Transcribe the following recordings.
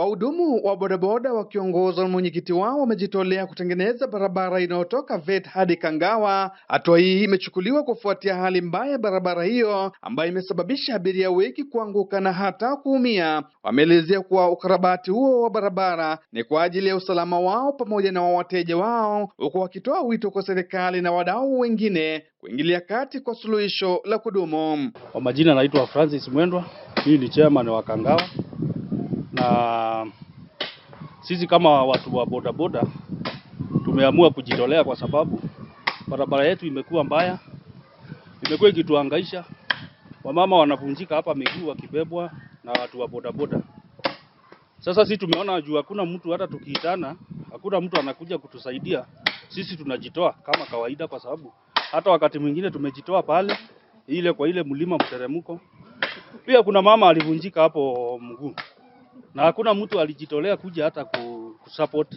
Wahudumu wa bodaboda wakiongozwa na mwenyekiti wao wamejitolea kutengeneza barabara inayotoka Vet hadi Kangawa. Hatua hii imechukuliwa kufuatia hali mbaya ya barabara hiyo ambayo imesababisha abiria wengi kuanguka na hata kuumia. Wameelezea kuwa ukarabati huo wa barabara ni kwa ajili ya usalama wao pamoja na wateja wao, huku wakitoa wito kwa serikali na wadau wengine kuingilia kati kwa suluhisho la kudumu. Kwa majina, naitwa Francis Mwendwa, mimi ni chairman wa Kangawa na sisi kama watu wa bodaboda tumeamua kujitolea kwa sababu barabara yetu imekuwa mbaya, imekuwa ikituhangaisha. Wamama wanavunjika hapa miguu wakibebwa na watu wa bodaboda. Sasa sisi tumeona juu hakuna mtu, hata tukiitana hakuna mtu anakuja kutusaidia, sisi tunajitoa kama kawaida, kwa sababu hata wakati mwingine tumejitoa pale ile kwa ile mlima mteremko. Pia kuna mama alivunjika hapo mguu, na hakuna mtu alijitolea kuja hata kusupport.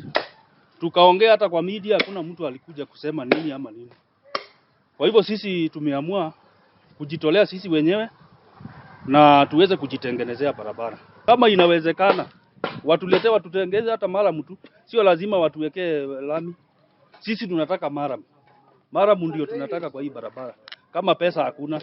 Tukaongea hata kwa media, hakuna mtu alikuja kusema nini ama nini. Kwa hivyo sisi tumeamua kujitolea sisi wenyewe na tuweze kujitengenezea barabara kama inawezekana, watuletee watutengeze hata maramu tu, sio lazima watuwekee lami. Sisi tunataka maram maramu ndio tunataka kwa hii barabara. Kama pesa hakuna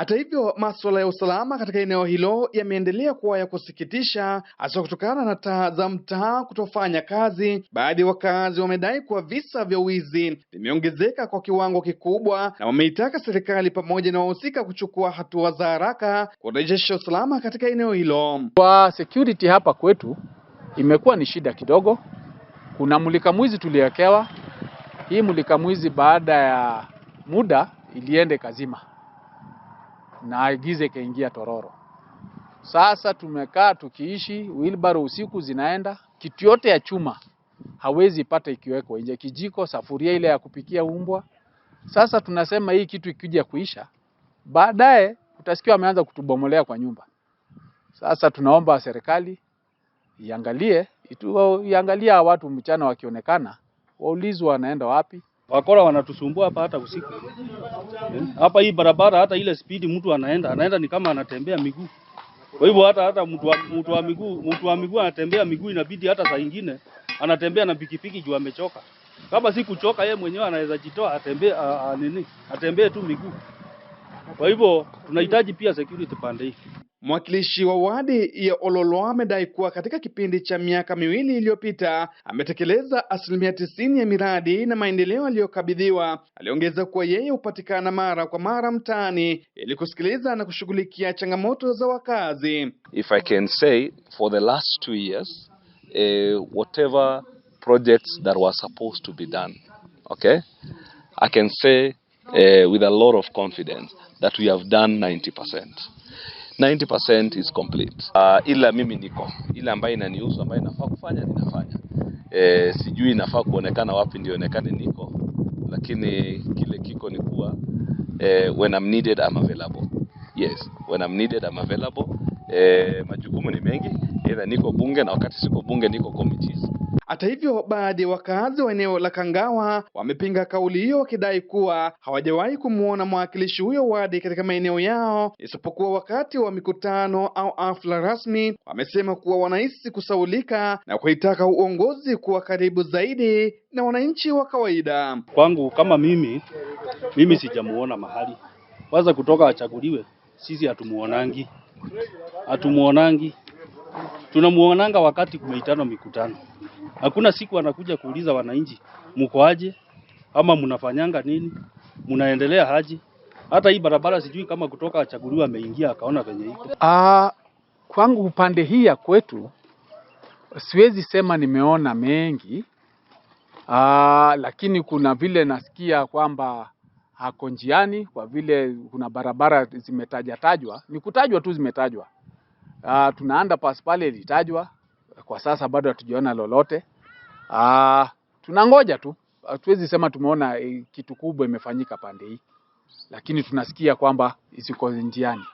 hata hivyo, masuala ya usalama katika eneo hilo yameendelea kuwa ya kusikitisha, hasa kutokana na taa za mtaa kutofanya kazi. Baadhi ya wakazi wamedai kuwa visa vya wizi vimeongezeka kwa kiwango kikubwa, na wameitaka serikali pamoja na wahusika kuchukua hatua za haraka kurejesha usalama katika eneo hilo. Kwa security hapa kwetu imekuwa ni shida kidogo. Kuna mwizi tuliwekewa, hii mwizi baada ya muda iliende kazima na agize ikaingia Tororo. Sasa tumekaa tukiishi, wilbaro usiku zinaenda, kitu yote ya chuma hawezi pata ikiwekwa nje, kijiko, safuria ile ya kupikia umbwa. Sasa tunasema hii kitu ikija kuisha, baadaye utasikia ameanza kutubomolea kwa nyumba. Sasa tunaomba serikali iangalie itu, iangalia watu mchana wakionekana waulizwa wanaenda wapi, Wakora wanatusumbua hapa hata usiku. Hapa hii barabara hata ile spidi mtu anaenda, anaenda ni kama anatembea miguu. Kwa hivyo hata hata mtu wa mtu wa miguu, mtu wa miguu anatembea miguu inabidi hata saa nyingine anatembea na pikipiki juu amechoka. Kama si kuchoka yeye mwenyewe anaweza jitoa atembee nini? Atembee tu miguu. Kwa hivyo tunahitaji pia security pande hii. Mwakilishi wa wadi ya Ololo amedai kuwa katika kipindi cha miaka miwili iliyopita ametekeleza asilimia tisini ya miradi na maendeleo aliyokabidhiwa. Aliongeza kuwa yeye hupatikana mara kwa mara mtaani ili kusikiliza na kushughulikia changamoto za wakazi. If I can say for the last two years eh, whatever projects that were supposed to be done okay I can say eh, with a lot of confidence that we have done 90% 90% is complete. Uh, ila mimi niko ile ambayo inanihusu ambayo inafaa kufanya ninafanya. E, sijui inafaa kuonekana wapi ndio onekane niko, lakini kile kiko ni kuwa e, when I'm needed I'm available. Yes, when I'm needed I'm available. E, majukumu ni mengi, ila niko bunge na wakati siko bunge niko committees hata hivyo, baadhi ya wakazi wa eneo la Kangawa wamepinga kauli hiyo, wakidai kuwa hawajawahi kumwona mwakilishi huyo wadi katika maeneo yao isipokuwa wakati wa mikutano au hafla rasmi. Wamesema kuwa wanahisi kusaulika na kuitaka uongozi kuwa karibu zaidi na wananchi wa kawaida. Kwangu kama mimi, mimi sijamuona mahali kwanza kutoka achaguliwe, sisi hatumuonangi, hatumuonangi tunamuonanga wakati kumeitano mikutano Hakuna siku anakuja kuuliza wananchi mko aje ama mnafanyanga nini, mnaendelea haji Hata hii barabara sijui kama kutoka achaguliwa ameingia akaona venye iko. Ah, kwangu upande hii ya kwetu siwezi sema nimeona mengi. Aa, ah, lakini kuna vile nasikia kwamba hako njiani kwa vile kuna barabara zimetajatajwa, ni kutajwa tu zimetajwa. Aa, ah, tuna underpass pale ilitajwa, kwa sasa bado hatujaona lolote. Ah, tunangoja tu, hatuwezi sema tumeona eh, kitu kubwa imefanyika pande hii, lakini tunasikia kwamba ziko njiani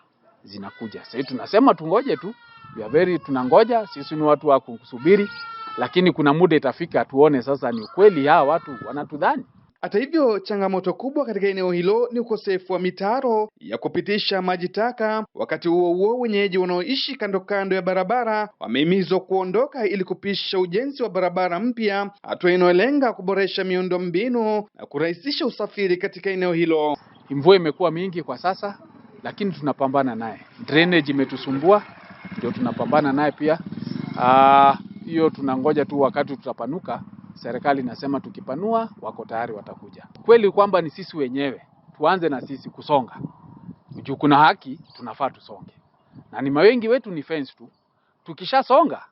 zinakuja. Sasa tunasema tungoje tu, we are very tunangoja. Sisi ni watu wa kusubiri, lakini kuna muda itafika tuone sasa ni ukweli hawa watu wanatudhani. Hata hivyo, changamoto kubwa katika eneo hilo ni ukosefu wa mitaro ya kupitisha maji taka. Wakati huo huo, wenyeji wanaoishi kando kando ya barabara wamehimizwa kuondoka ili kupisha ujenzi wa barabara mpya, hatua inayolenga kuboresha miundo mbinu na kurahisisha usafiri katika eneo hilo. Mvua imekuwa mingi kwa sasa, lakini tunapambana naye. Drainage imetusumbua, ndio tunapambana naye pia. Ah, hiyo tunangoja tu wakati tutapanuka serikali inasema tukipanua wako tayari watakuja. Kweli kwamba ni sisi wenyewe tuanze na sisi kusonga juu, kuna haki tunafaa tusonge, na ni mawengi wetu ni fence tu. Tukishasonga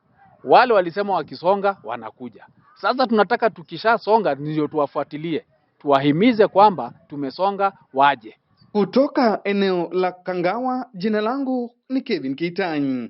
wale walisema wakisonga wanakuja. Sasa tunataka tukishasonga ndio tuwafuatilie, tuwahimize kwamba tumesonga waje. Kutoka eneo la Kangawa, jina langu ni Kevin Kitany.